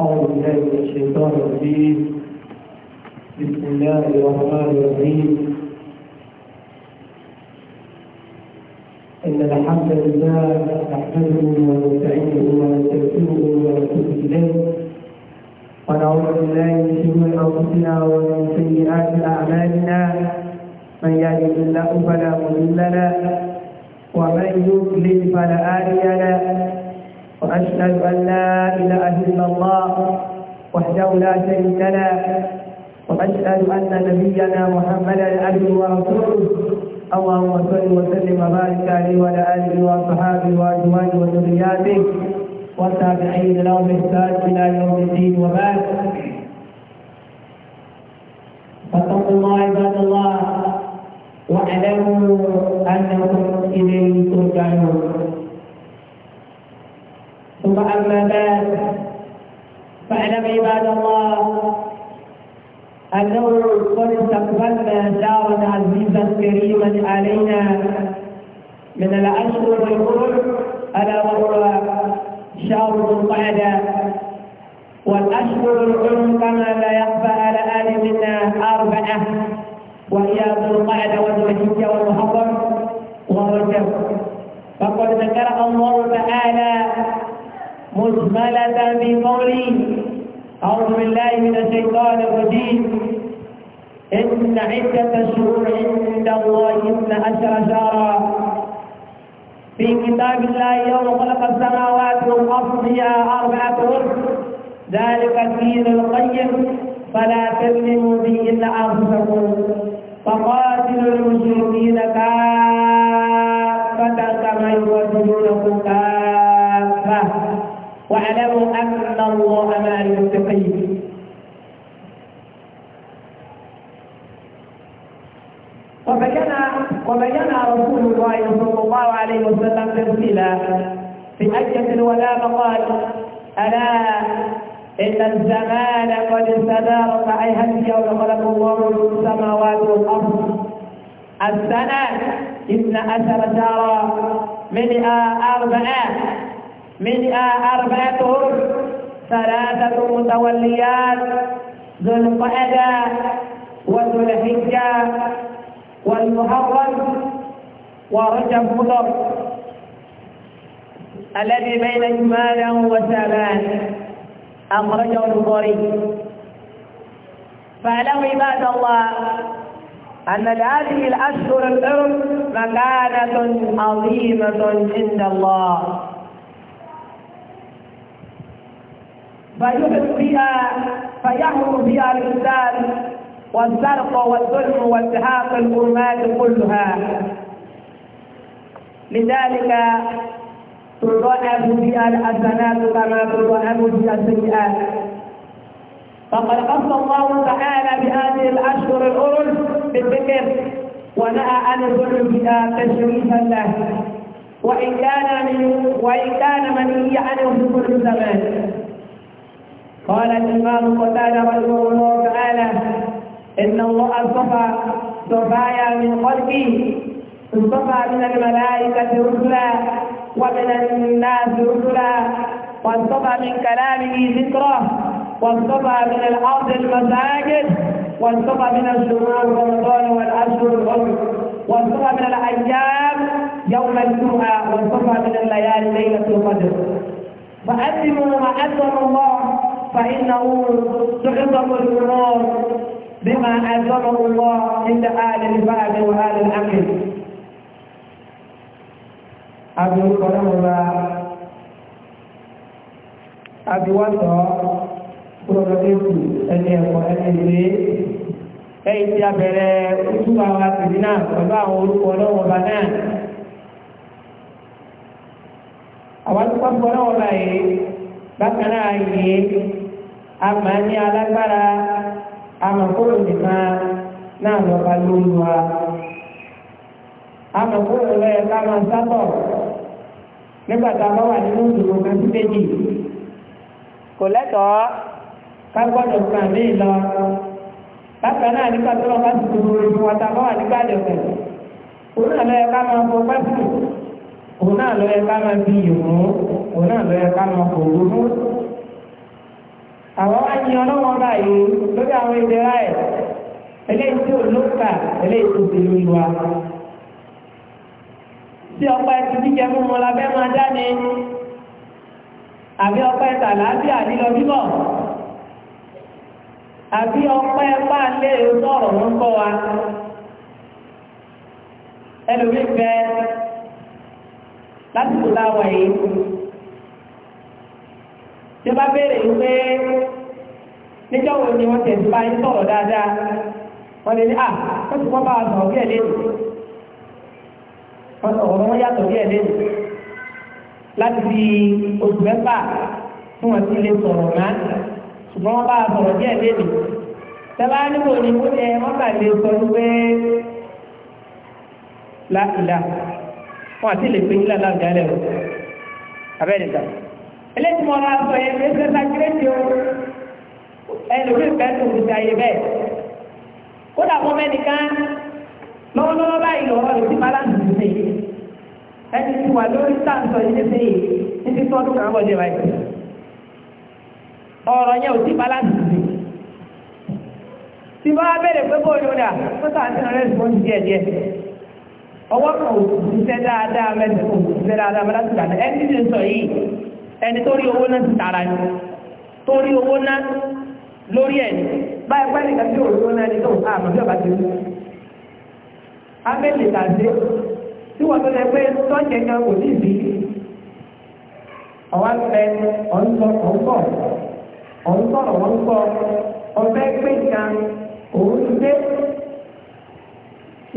أعوذ بالله من الشيطان الرجيم بسم الله الرحمن الرحيم إن الحمد لله نحمده ونستعينه ونستغفره ونتوب إليه ونعوذ بالله من شرور أنفسنا ومن سيئات أعمالنا من يهده الله فلا مضل له ومن يضلل فلا هادي له وأشهد أن لا إله إلا الله وحده لا شريك له وأشهد أن نبينا محمدا عبده ورسوله اللهم صل وسلم وبارك عليه وعلى آله وأصحابه وأزواجه وذرياته والتابعين لهم إحسان إلى يوم الدين وبعد فاتقوا الله عباد الله واعلموا أنكم إليه ترجعون ثم أما بعد فاعلم عباد الله أنه قد استقبلنا شهرا عزيزا كريما علينا من الأشهر الحرم ألا وهو شهر ذو القعدة والأشهر العلم كما لا يخفى على آل منا أربعة وهي ذو القعدة وذو والمحرم ورجب فقد ذكرها الله تعالى مجملة في قولي أعوذ بالله من الشيطان الرجيم إن عدة الشهور عند الله إن أشهر شهرا في كتاب الله يوم خلق السماوات والأرض يا أربعة أرض ذلك الدين القيم فلا تظلموا إلا أنفسكم فقاتلوا المشركين كافة كما يقاتلونكم كافة واعلموا أن الله مع المتقين وبين وبين رسول الله صلى الله عليه وسلم تمثيلا في أية ولا فقال ألا إن الزمان قد استدار كأيهن يوم خلق الله السماوات والأرض السنة إن أثر شهرا منها أربعة من أربعة أشهر ثلاثة متوليات ذو القعدة وذو الحجة والمحرم ورجب مضر الذي بين جمالا وشعبان أخرجه البخاري فاعلموا عباد الله أن هذه الأشهر الحرم مكانة عظيمة عند الله فيهلك بها بها الإنسان والزرق والظلم والتهاق الظلمات كلها لذلك تضاعف بها الحسنات كما تضاعف بها السيئات فقد قص الله تعالى بهذه الاشهر الحرم بالذكر ونهى عن الظلم بها تشريفا له وان كان من وان كان منهي عنه في كل زمان قال الإمام قتادة رحمه الله تعالى إن الله اصطفى صفايا من خلقي اصطفى من الملائكة رسلا ومن الناس رسلا واصطفى من كلامه ذكرا واصطفى من الأرض المساجد واصطفى من الشهور رمضان والأشهر الغرب واصطفى من الأيام يوم الجمعة واصطفى من الليالي ليلة القدر فأدموا ما أدم الله فإنه تعظم الأمور بما أعظمه الله عند آل الباب وآل الأمر أبي قلوبا أبي وطا pọlọlọpẹkù ẹni ẹ̀kọ́ ẹni ìwé ẹ̀yìn tí a bẹ̀rẹ̀ ojúbà wa tìbí náà pẹ̀lú àwọn orúkọ ọlọ́wọ́ ọba náà àwọn tó kọ́ ọlọ́wọ́ ọba yìí bákan náà yìí àmà ní alágbára àmà kúrò nìkan náà lọ́ba ló ń wa àmà kúrò lọ́yẹ ká máa sábọ̀ nígbà tá a bá wà nínú ìdòwò kan sí méjì kò lẹ́tọ̀ọ́ ká gbọ́dọ̀ kan mí lọ bákan náà nípa tó lọ́ba ti dòwò ìdòwò wa tá a bá wà nígbà dẹ̀kẹ̀ òun náà lọ́yẹ ká máa fọ pẹ́pù òun náà lọ́yẹ ká máa fi ìrùn òun náà lọ́yẹ ká máa fò wúrú. àwọn wá a, ọlọ́wọ́n báyìí lórí àwọn e ẹ̀ eléyìí tí ò lóka eléyìí si wa. tí ọpẹ́ ti jíjẹ mú mu la fẹ́ máa dání àbí ọpẹ́ tàlàáfíà lílọ bíbọ̀ àbí ọpẹ́ pàlẹ́ sọ̀rọ̀ ń kọ́ wa ẹlòmíì lati lásìkò láwọ̀ yìí. tí bá béèrè yìí pé níjọ́ wo ni wọ́n tẹ̀sí báyìí sọ̀rọ̀ dáadáa wọ́n lè ní à ah, wọ́n ti wọ́n bá wa sọ̀rọ̀ bí ẹ̀ léèrè wọ́n sọ̀rọ̀ wọ́n yàtọ̀ bí ẹ̀ léèrè láti fi oṣù mẹ́fà tí wọ́n ti lè sọ̀rọ̀ náà ṣùgbọ́n wọ́n bá wa sọ̀rọ̀ bí ẹ̀ léèrè tẹ́lá níbo ni mo ní ẹ wọ́n bá lè sọ pé láìlà wọ́n àti lè pe yín láìlà ọ̀jà lẹ́wọ̀ abẹ́rẹ́ ìgbà eléyìí mo ra sọ yẹn fẹsẹ̀ sàkírẹ́tì o ẹlòmí ìfẹ́ tó ti ṣàyè bẹ́ẹ̀ kódà fún mẹ́nìkan lọ́wọ́lọ́wọ́ báyìí lọ́wọ́ rẹ̀ ti balance ti ṣe yìí ẹni tí wà lórí sáǹsọ yìí ṣe yìí ní ti tọ́dún kan bọ̀ dé báyìí ọ̀rọ̀ yẹn ò ti balance ti ṣe tí bá bẹ̀rẹ̀ pé bó lóra tó sàǹsì rẹ̀ ti wọ́n ti díẹ̀ díẹ̀ ọwọ́ kan ò ti ṣiṣẹ́ dáadáa mẹ́tẹ̀ẹ́ kò ti ṣiṣẹ́ dáadáa mẹ́tẹ̀ẹ́ ẹni tó rí owó náà ti tààrà ni tó owó náà lórí ẹ̀ ni báyìí pẹ́ nìkan tí òun ló náà ní tó ká àmọ́ bí ọba ti wú. abẹ́lẹ̀ tàbí tí wọ́n tó lẹ pé tọ́jẹ̀ kan kò ní ìbí ọ̀wá pẹ́ ọ̀ńtọ́ ọ̀ńtọ́ ọ̀fẹ́ pé kan òun ti dé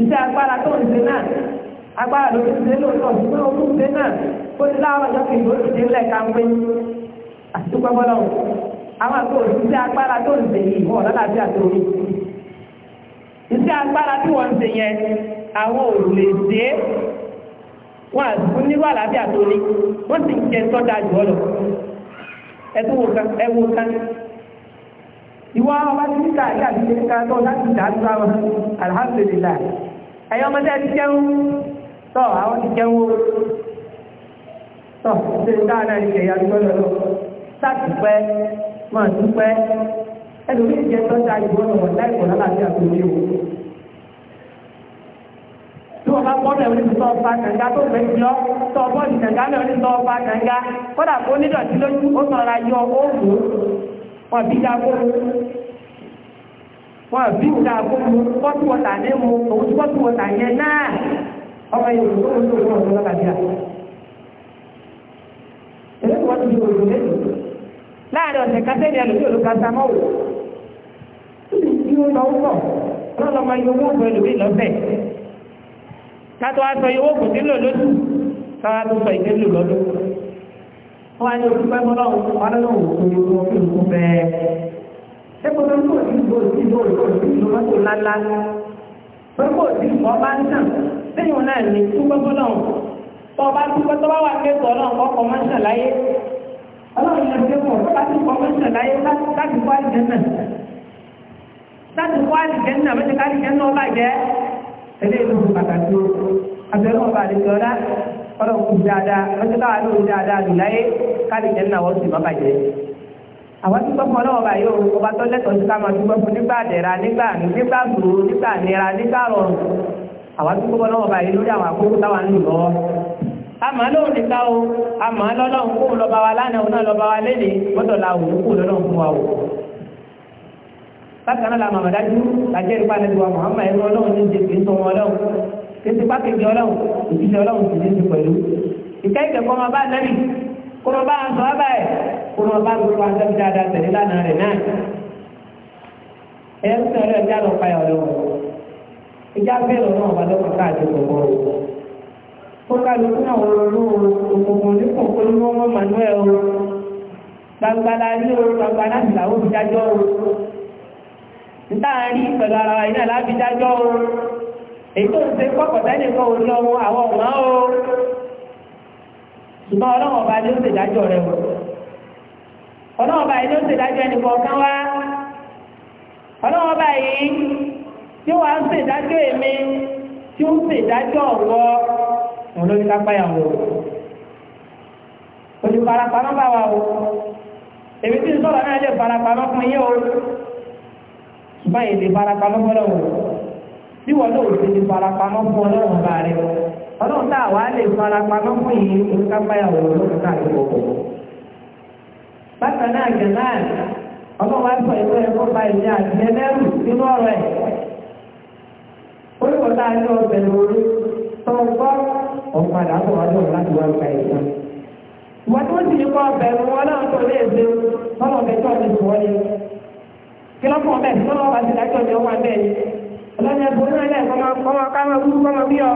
iṣẹ́ agbára ló ti ṣe lóòótọ́ ṣùgbọ́n ogún ṣe náà ó ti láwọn ọjọ́ kejì ó ti ṣe lẹ̀ àti gbọ́gbọ́lọ́ àwọn àti òṣìṣẹ́ agbára tó ń ṣe yìí wọ́n lálàbí àtòrí iṣẹ́ agbára tí wọ́n ń ṣe yẹn àwọn ò lè ṣe é wọ́n wọ́n jẹ sọ́dà jù àti t'ọ àwọn ti jẹun ṣe dáadáa ní kẹ̀yà ya lọ sátìpẹ́ máa dúpẹ́ ẹlòmíì jẹ tọ́jà ìgbọ́dọ̀ wọ̀ láì kọ̀ lálàbí àgbòjì o tí wọ́n bá bọ́ọ̀lù ẹ̀wọ̀n ní sọ́ọ̀fà kànga tó fẹ́ jọ tọ́ bọ́ọ̀lù kànga ní sọ́ọ̀fà kànga kó lójú ó sọ̀ra yọ oògùn wọn bí wọn bí wọ̀tà ní mu òun wọ̀tà yẹn náà ọmọ yòówù tó ń tó fún ọ̀dọ́ lọ́kàdíà. Èmi kò wá ti di òòlù lẹ́nu. Láàárín ọ̀sẹ̀ kásẹ́ẹ̀dì àlùfíà ló kásá mọ́ wò. Yóò lọ wọ̀ lọ́lọ́ máa yọ owó ògùn ẹlòmíì lọ́sẹ̀. Kátó wá sọ owó ògùn sílò lóṣù káwá tó sọ ìdí lò lọ́dún. Wọ́n á ní oṣù pẹ́ mọ́ lọ́wọ́ ọlọ́run òkú ni wọ́n fi òkú bẹ́ẹ̀. Ṣé kò tó ń kó ìdíbò ìdíbò ìdíbò ìdíbò mọ́tò lálá? Pé kò sí ọba ń tàn sẹ́yìn náà ní túbọ̀ bọ́lọ̀ tó bá túbọ̀ tó bá wà kẹ́kọ̀ọ́ náà kọ́ kọ́mọ́ṣà láyé ọlọ́run yẹn kẹ́kọ̀ọ́ láti kọ́mọ́ṣà láyé láti kọ́ àlìjẹ́nà láti kọ́ àlìjẹ́nà mẹ́tẹ́ ká àlìjẹ́nà ọba jẹ́ ẹlẹ́ ìlú pàtàkì abẹ́rẹ́ ọba àlejòọ́lá ọlọ́run kù dáadáa mẹ́tẹ́ káwá lóru dáadáa lù láyé ká àlìjẹ́nà wọ́n sì má bàjẹ́ àwọn tí gbọ́ fún ọlọ́wọ́ báyìí o ọba tó lẹ́tọ̀ọ́ sí ká máa dúpẹ́ fún nígbà dẹ̀ra nígbà nígbà gbòòrò nígbà nira nígbà rọrùn àwọn tó kọ́kọ́ lọ́wọ́ báyìí lórí àwọn àkókò táwa ń lò lọ́wọ́ àmọ́ lóhùn nìka o àmọ́ lọ́lọ́hùn kó lọ́ba wa lánàá òun náà lọ́ba wa léde mọ́tò la òun kó lọ́lọ́hùn fún wa o. bákan náà la màmá dájú làjẹ́ ìrúpa nàbí wa Muhammad ẹ̀rọ ọlọ́run ní jẹ́sí tó wọn ọlọ́run kéṣe pákéjì ọlọ́run òṣìṣẹ́ ọlọ́run sì ní ti pẹ̀lú. ìkẹ́ ìkẹ́kọ̀ọ́ máa bá nẹ́bì kó máa bá aṣọ ábà ẹ̀ kó máa bá gbogbo aṣọ dáadáa tẹ̀lé lánàá rẹ̀ náà. ẹ̀ ìjà bẹ́ẹ̀ lọ́wọ́ ọba lọ́wọ́ káàdì kọ̀ọ̀kan o. ó kálukú àwọn ọlọ́run òkùnkùn ní kòkòrò ní wọ́n manuel o. gbangbala ní o gbangba láti làwọn òbí dájọ́ o. níta rí pẹ̀lú ara wa iná láti dájọ́ o. èyí tó ń ṣe kọ́kọ̀tà nìkan ò ní ọmọ àwọn ọ̀mọ́ o. ṣùgbọ́n ọlọ́run ọba ni ó ṣèdájọ́ rẹ̀ o. ọlọ́run ọba yìí ló ṣèdájọ́ ẹnì kọ̀ọ̀kan wá. ọlọ́run ọba tí wàá ń ṣèdájọ́ èmi tí ó ń ṣèdájọ́ ọ̀wọ́ òun ló ní ká bá wa èmi tí ń sọ̀rọ̀ náà lè parapamọ́ fún yín o ṣùgbọ́n fọlọ́ bí wọ́n ti fún ọlọ́run bá rẹ ọlọ́run a lè fún ká bákan náà gẹ̀ náà ọlọ́run wá sọ ìwé ẹ̀kọ́ nínú ọ̀rọ̀ ẹ̀. orúkọ tá a ní ọbẹ̀ lórí tó ń gbọ́ ọ̀padà bọ̀ láti wá gba ìgbà. ìwà tí ti ní kọ́ ọbẹ̀ wọn náà tó lé èdè tọ́lọ̀ bẹ tó ọdún tó wọlé. kí ọbẹ̀ tọ́lọ̀ wá sí dájọ́ ni ọwọ́ abẹ́ ni ọlọ́ni ẹ̀bùn náà lẹ̀ kọ́ máa ká máa wúrú kọ́ máa bí ọ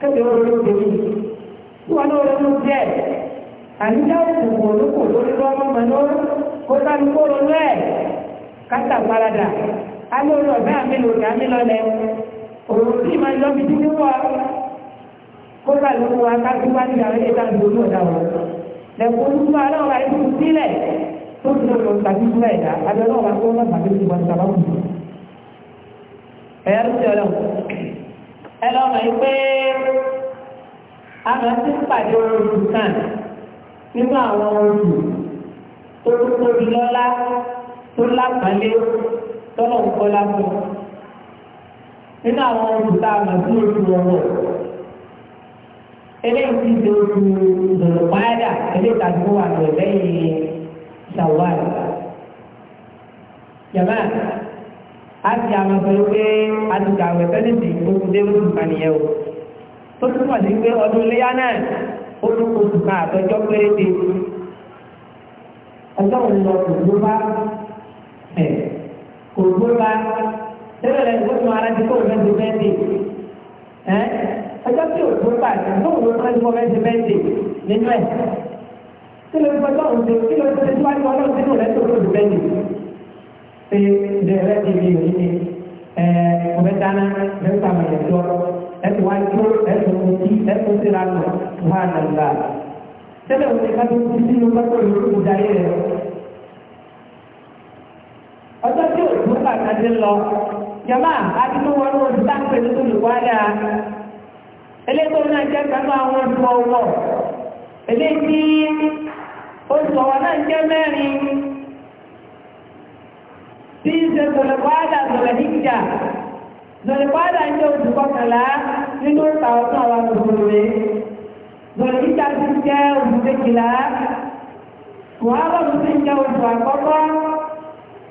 kẹ́kẹ́ wọn ló dé ní tí wọn náà ronú díẹ̀ àníjá òkùnkùn olóko lórí lọ́wọ́ mọ́nú kó sáré kó ronú ẹ̀ kátà parada alórí ọ̀bẹ́ àmìlò ní àmìlọ́lẹ̀ òun sì máa ń lọ́bi títí wọ́ kó sáré kó wa kájú wá ní àwọn ẹ̀dá ìdòdó ọ̀dà wọn lẹ́kọ̀ọ́ tó fún aláwọ̀ ayé tó sílẹ̀ tó ti lọ́ọ́ lọ́ọ́ tàbí fún ẹ̀dá abẹ́rẹ́ ọ̀bá tó wọ́n bàbá tó ti wọ́n sábà kù ẹ̀yà ló ti ọlọ́run ẹlọ́mọ yìí pé àmọ́ tí ń pàdé oṣù kan nínú àwọn oṣù tó tóbi lọ́lá tó lápàlẹ́ tọ́lọ̀ ń kọ́lá fún un nínú àwọn oṣù tá a mọ̀ sí oṣù ọ̀wọ̀ eléyìí ti di oṣù ìdọ̀rọ̀ eléyìí tàbí wà lọ lẹ́yìn ṣàwárì a ti àmọ́ sọ pé a ti kàwẹ̀ tẹ́lẹ̀sì oṣù dé oṣù kànìyàn o tó túmọ̀ sí pé ọdún iléyà náà ó tún oṣù kan àtọjọ́ péréte ọjọ́ òun lọ kò gbó bá kò gbó bá tẹ́lẹ̀ lẹ́yìn tó tún ara ti kó òun fẹ́ fẹ́ẹ́ dé ọjọ́ tí ò gbó bá tó òun fẹ́ fẹ́ fẹ́ẹ́ dé nínú ẹ̀ kí ló ń gbọ́dọ̀ òun ṣe kí ló ń ṣe síwájú ọlọ́run sínú rẹ̀ tó kó òun fẹ́ẹ́ dé pé dẹrẹ ti di òní ni ọbẹ dáná mẹ́ta mẹ́ta jọ ẹtù wá tó ẹtù òkú ẹtù síra nù wà nàlá tẹ́lẹ̀ òní ká tó kú sínú pẹpẹ òní kò darí rẹ ọjọ́ tí òkú pàtàkì lọ jama adigun wọn ló ń sáfẹ ní olùwádà eléyìí náà jẹ pẹ̀lú àwọn ọdún ọwọ́ eléyìí oṣù ọwọ́ náà jẹ mẹ́rin tí ń ṣe sọ̀lẹ̀kọ́ádà sọ̀lẹ̀híjà sọ̀lẹ̀kọ́ádà ń jẹ́ oṣù kọkànlá nínú ìta ọ̀tún àwọn olùkọ́lùwé sọ̀lẹ̀híjà ti jẹ́ oṣù kékeré muhammadu ti ń jẹ́ oṣù àkọ́kọ́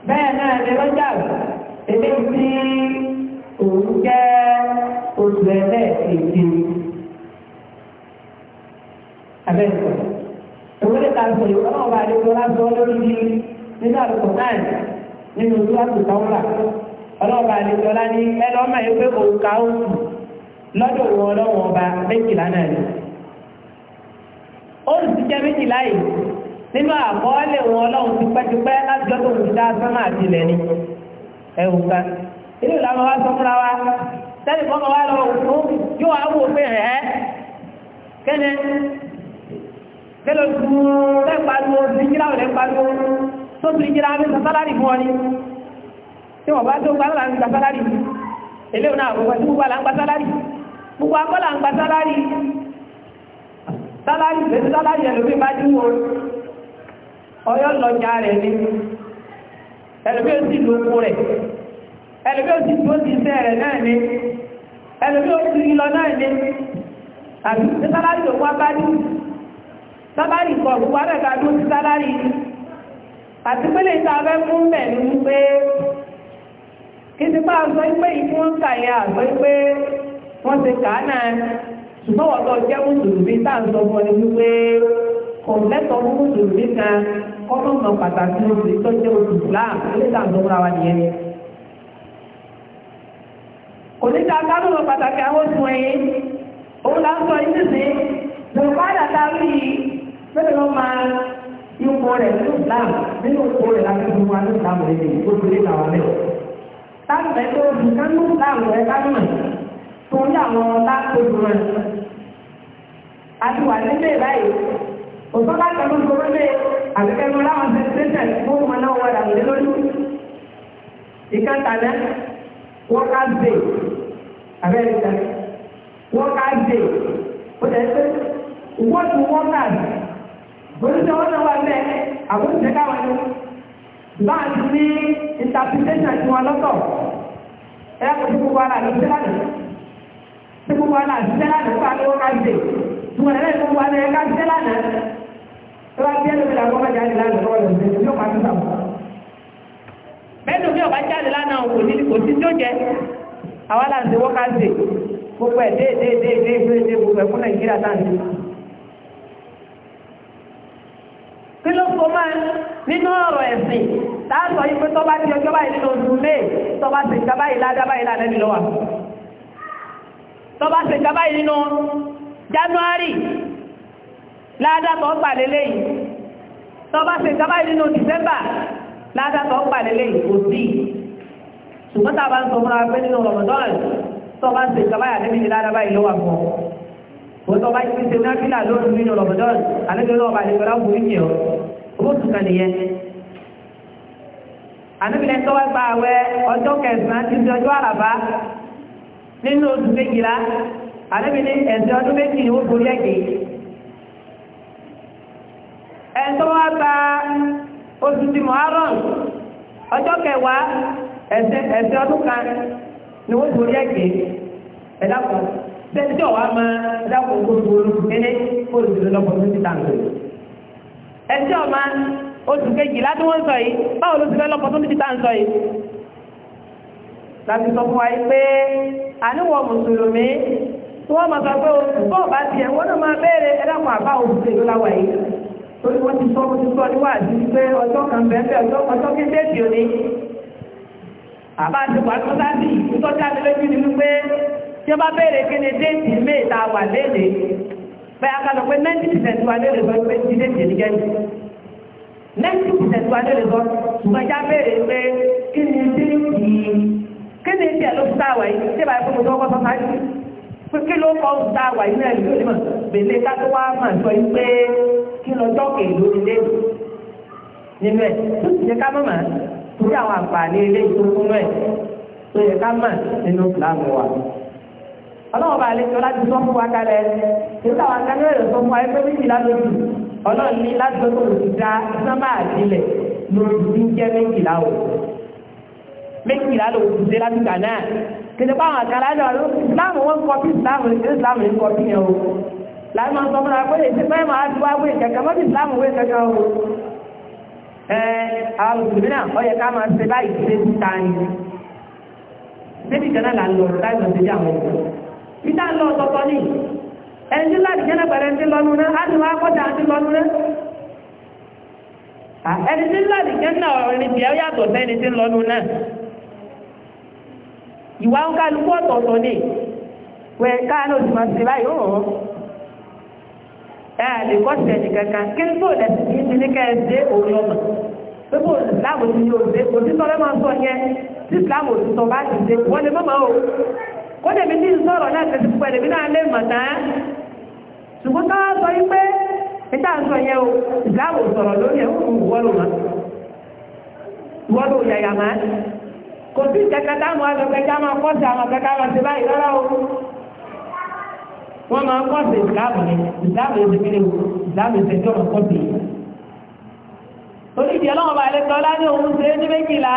bẹ́ẹ̀ náà ni lọ́jà èdè tí òun jẹ́ oṣù ẹlẹ́ẹ̀kejì abẹ́ẹ̀kọ́ òun lè ta sọ̀rọ̀ ìwọ́n náà wà lórí ọlá sọ lórí nínú àlùkò náà nínú túwàtù káwùlà ọlọ́ọ̀bà àlejòlá ní ẹlọ́mà yìí pé òǹkà oṣù lọ́dọ̀ wọn ọlọ́wọ́n ọba méjìlá náà ni. oṣù ti jẹ́ méjìlá yìí nínú àkọọ́lẹ̀ wọn ọlọ́run ti pẹ́tipẹ́ láti jọ́ tó ń dá sánmà àti ilẹ̀ ni ẹ̀wù ká inú ìlànà wa sọ fúnra wa sẹ́ni kọ́kọ́ wa lọ òkú yóò wá wò pé ẹ̀ kẹ́ni kẹ́lẹ́ tu lẹ́ẹ̀pá lu oṣù kíláwọ̀ lẹ́ẹ̀pá lu tó tún ìjìra ní sàtàlárì fún ọ ní tí wọ́n bá tó gbálà ń gba sálárì eléwọ̀n náà gbogbo tí gbogbo àlà ń gba sálárì gbogbo akọ́là ń gba sálárì sálárì lẹ́sí sálárì ẹlòmí bá dúró ọyọ́ lọ́jà rẹ̀ ní ẹlòmí ó sì lóko rẹ̀ ẹlòmí ó sì tó ti sẹ́ rẹ̀ náà ní ẹlòmí ó sì lọ náà ní àbí sálárì lòun wá bá dúró sálárì kọ̀ gbogbo àrẹ̀ká dúró sí sálárì yìí àti pé lè ta abẹ́ fún bẹ̀ ní wípé kí ti bá sọ pé ìfún wọn kà yẹ àsọ pé wọ́n ti kà á náà ṣùgbọ́n wọ́n tó jẹ́ mùsùlùmí tá à ń sọ fún ọ ní wípé kò lẹ́tọ̀ọ́ fún mùsùlùmí kan kọ́nà mọ̀ pàtàkì oṣù tó jẹ́ oṣù Islam ilé tá à ń sọ fúnra wa nìyẹn kò ní ta kánú ipò rẹ̀ nínú Islam nínú ipò rẹ̀ láti fún wa ní Islam rẹ̀ ní ìgbókòrè làwọn mẹ́wọ̀. tábìlẹ̀ tó fi kánú Islam rẹ̀ kánúmọ̀ tó ń yàwọn látójú rẹ̀. àtiwà nílé báyìí òtún bá kẹ́lú gbogbo lé àgbẹ̀kẹ́nu láwọn sẹ́sítẹ́sẹ̀ fún wọn náà wọ́n dàgbé lójú. ìkẹtàlẹ́ wọ́n ká zè abẹ́rẹ́ wọ́n ká zè ó dẹ̀ pé wọ́n ti wọ́n ká Bòdútà wọn náà wà bẹ́ẹ̀ àwọn òṣìṣẹ́ káwọn ẹni. gbogbo ara ló ṣe lánàá. Sí fún àlọ́ gbogbo kí ló kó máa nínú ọ̀rọ̀ ẹ̀sìn láàtọ̀ yìí pé tọ́ba ti ọjọ́ báyìí nínú oṣù lé tọ́ba ti ìjà báyìí ládá báyìí ládá nílò wà tọ́ba ti ìjà báyìí nínú January ládá tó ń pàdé léyìí tọ́ba ti ìjà báyìí nínú December ládá tó ń pàdé léyìí kò sí ṣùgbọ́n tá a bá ń sọ fúnra pé nínú Ramadan tọ́ba ti ìjà báyìí àdébìnrin ládá báyìí ló wà fún wọ́tọ̀ bá yìí ṣe náfílà lórí nínú rọ̀bọ̀dọ́n anábìlẹ̀ ọba àdìgbọ́lá borí yìí ọ́ owó tùkà nìyẹn anábìlẹ̀ tọ́wọ́ gba ọjọ́ kẹsàn-án ti di ọjọ́ àràbá nínú oṣù méjìlá ẹ̀sẹ̀ ọdún méjì ni ó borí sẹ́ni tí ọ̀wá máa dákun gbogbo olùkẹ́lẹ́ olùdílé lọ́pọ̀ tó ti tàǹtò ẹni tí ọ̀ma oṣù kejìlá tí wọ́n sọ yìí báwo ló ti fẹ́ lọ́pọ̀ tó ti tàǹtò yìí láti sọ fún wa yìí pé àníwọ̀ mùsùlùmí tí wọ́n máa sọ pé oṣù tó bá tiẹ̀ wọ́n náà máa béèrè ẹ̀dàkùn àbá oṣù tèlú láwà yìí torí wọ́n ti sọ wọ́n ti sọ níwájú pé ọjọ́ kan bẹ́ẹ̀ ọjọ́ kéde èdè òní àbá àti wàá tó sáà tí wọ́n bá béèrè kí ni déètì méèta wà léde bẹ́ẹ̀ ká lọ pé ninety percent wà léde sọ pé ti déètì ní gẹ́gẹ́ ninety percent wà léde sọ ṣùgbọ́n ẹja béèrè pé kí ni déètì kí ni tí ẹ ló fi táwà yìí tí ìbáyé fún mi tó kọ́ sọ sáájú pé kí ló kọ́ fi táwà yìí náà lórí mọ̀ bèlè ká tó wá mà sọ yìí pé kí lọ tọ́kì ìlú ni nínú ẹ̀ tó ti ṣe ká mọ̀ mà torí àwọn àǹfààní ilé ìtòkùnú ẹ̀ tó yẹ ká mà nínú fìlàmù wa ọlọ́run bá àlejò láti sọ fún wa kalẹ̀ nígbà wa kan yóò sọ fún wa ẹgbẹ́ méjì lálójú ọlọ́run ní láti sọ fún òsì dá sábà àdílẹ̀ lójú ní jẹ́ méjìlá o méjìlá ló ti dé láti gbà náà kìlì pa àwọn àkàrà lọ ló láàmú wọn kọpí ìsìláàmù ní ìsìláàmù ní kọpí yẹn o láàmú wọn sọ fún wa pé èsì pé màá ti wá wé kẹkẹ mọ́tì ìsìláàmù wé kẹkẹ o ẹ àwọn mùsùlùmí náà ó yẹ ká máa ṣe báyìí ṣe ti ta ni débi kan náà là ń lọ láì lọ sí àwọn ọkùnrin ìta lọ ọ̀tọ̀tọ̀ ní ẹni láti jẹ́ lẹ́pẹ̀rẹ̀ ti lọ́nu náà á ti wá kọ́ta àti lọ́nu náà ẹni tí láti jẹ́ náà ọ̀rìn bí ẹ yàtọ̀ sẹ́ni ti lọ́nu náà ìwà ń kálukú ọ̀tọ̀ọ̀tọ̀ ní wẹ̀ káàlù òsì máa ti báyìí ó ẹ lè kọ́sì ẹ̀jì kankan kí ní bò lẹ́sì ní ti ní ti ní òun ṣe òtítọ́ kó dèmi ní sọ̀rọ̀ náà tẹ̀sí púpọ̀ dèmi náà lè mọ̀ tán ṣùgbọ́n ká sọ yí pé níta sọ yẹ o ìdáàbò sọ̀rọ̀ lórí ẹ̀ òkú wọ́lù mọ́ wọ́lù yàyà má kò sí ìjẹ́kẹta mọ́ ẹgbẹ́kẹta máa kọ́ sí àwọn akẹ́kẹ́ àwọn ti báyìí lọ́rọ́ o wọ́n máa kọ́ sí ìdáàbò yẹn ìdáàbò yẹn ti fi lè ìdáàbò yẹn ti fi kọ́ sí yẹn onídìí ọlọ́wọ́ bá tọ́lá ní òun ṣe é ní méjìlá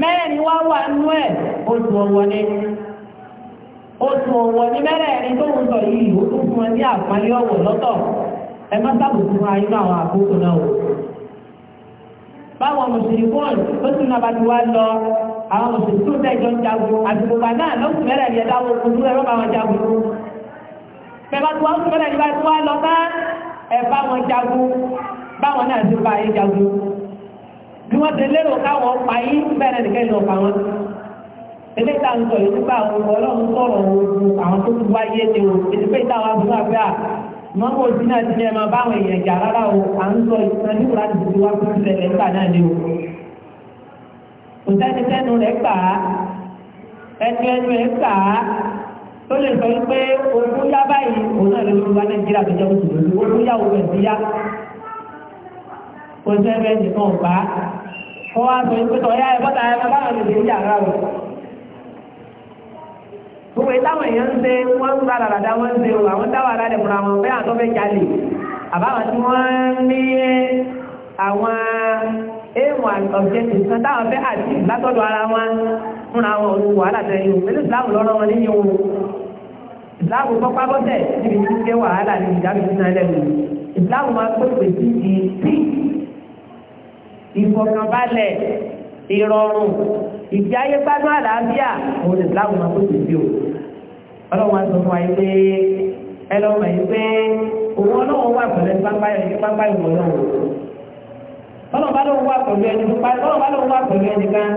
mẹ́rin wá wà nú ẹ̀ oṣù ọ̀wọ́ ni oṣù ọ̀wọ̀ ní mẹ́rẹ̀ẹ̀rin tó ń sọ yìí ó tún fún ẹ ní àpáyé ọ̀wọ̀ lọ́tọ̀ ẹ má sábòkú fún ayé àwọn àkókò náà o. báwọn mùsùlùmí fún oṣù náà bá ti wá lọ àwọn mùsùlùmí tó tẹ̀jọ́ ń jagun àsìkò bá náà lọ́sù mẹ́rẹ̀ẹ̀rin ẹ̀dá wo kùtù ẹ̀rọ bá wọn jagun. bẹ́ẹ̀ bá ti wá oṣù mẹ́rẹ̀ẹ̀rin bá ti wá lọ bá ẹ̀ bá wọn jagun báwọn náà ti bá ayé jagun. bí wọ́n ti lérò káwọn pa yí bẹ́ẹ̀ eléyìí ń sọ yìí nípa àwọn ọlọ́run sọ̀rọ̀ ogun àwọn tó ti wáyé ni o èdè pé ìta àwọn àbúrò àgbà mọ́mọ́ òsì náà ti ní ẹ bá àwọn èèyàn jà rárá o à ń sọ ìtàn láti fi wá fún ìṣẹ̀lẹ̀ nígbà náà ni o. kò sẹ́ni rẹ̀ gbà á ẹnu ẹnu ẹ̀ gbà á tó lè sọ pé ogun yá báyìí òun náà lè wá nàìjíríà tó jẹ́ òṣèlú gbogbo ìtawọn èèyàn ń ṣe wọ́n ń gba àràdà wọ́n ń ṣe o àwọn táwọn aládẹ fúnra wọn bẹ́ẹ̀ àtọ́ fẹ́ jalè àbáwọn tí wọ́n ní àwọn èèwọ̀n ọ̀jẹ̀tì kan táwọn fẹ́ àti látọ̀dọ̀ ara wọn fúnra wọn òun wàhálà tẹ yìí o pẹ̀lú ìsìláàmù lọ́rọ̀ wọn níyì o ìsìláàmù kọ́pá bọ́tẹ̀ níbi tí kẹ́ wàhálà níbi ìdábì sínú ẹlẹ́nu ìsìláàmù máa pèpè sí ìfọ̀kànbalẹ̀ ìrọ̀rùn ìdí ayé gbádùn àlàáfíà òun lè láwùn ọmọ náà tó parí tọ́lọ̀ bá lóun wà pẹ̀lú ẹni gan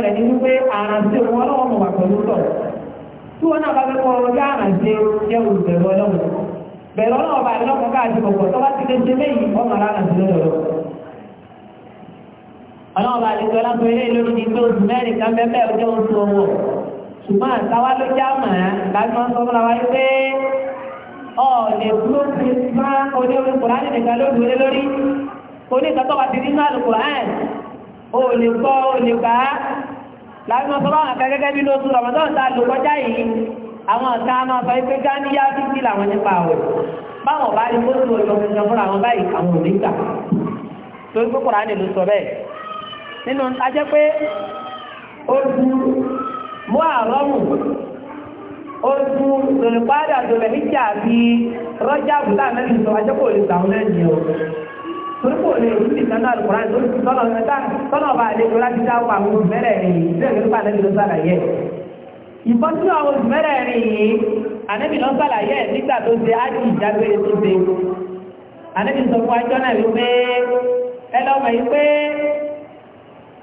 òun ọlọ́wọ́n mọ̀ wà pẹ̀lú tọ̀ tí ọjọ́ ọlọ́ọ̀bá àdìgbò lápẹ́ ilé ìlú ní tó oṣù mẹ́rin kan bẹ́ẹ̀ ọjọ́ oṣù owó ṣùgbọ́n àtàwá ló já mọ̀ ẹ́ láti wọ́n sọ fún wa pé ọ̀ọ̀dẹ̀ dúró ti bá oníorí kùránì nìkan ló dúró lórí oníkan tó wà ti nínú àlù kùránì ò lè gbọ́ ò lè gbà á láti wọ́n sọ fún àwọn akẹ́kẹ́ bí lóṣù rọ̀mọ́tàn tá a lò kọjá yìí àwọn ọ̀tá máa sọ pé gáníyá fífi làwọn nípa àwẹ̀ báwọn bá rí bó ọjọ́ fúnra wọn báyìí àwọn ò ní gbà torí pé kùránì ló sọ nínú ajẹ́ pé ojú mú àrọ́mù ojú lòlùpáàdà lòlẹ̀ níjà bí rọ́jà bùtà náà ti sọ ajẹ́ kò lè sàún náà ní ọ torí kò lè rúbì sánà àlùkùrá tó ti tọ́nà mẹ́ta tọ́nà ọba àlejò láti dá àwọn àwọn òṣùmẹ́rẹ̀ rìn yìí bí ẹ̀rọ nípa àlejò ló sàlàyé ìbọn tí àwọn òṣùmẹ́rẹ̀ rìn yìí ànẹ́bì lọ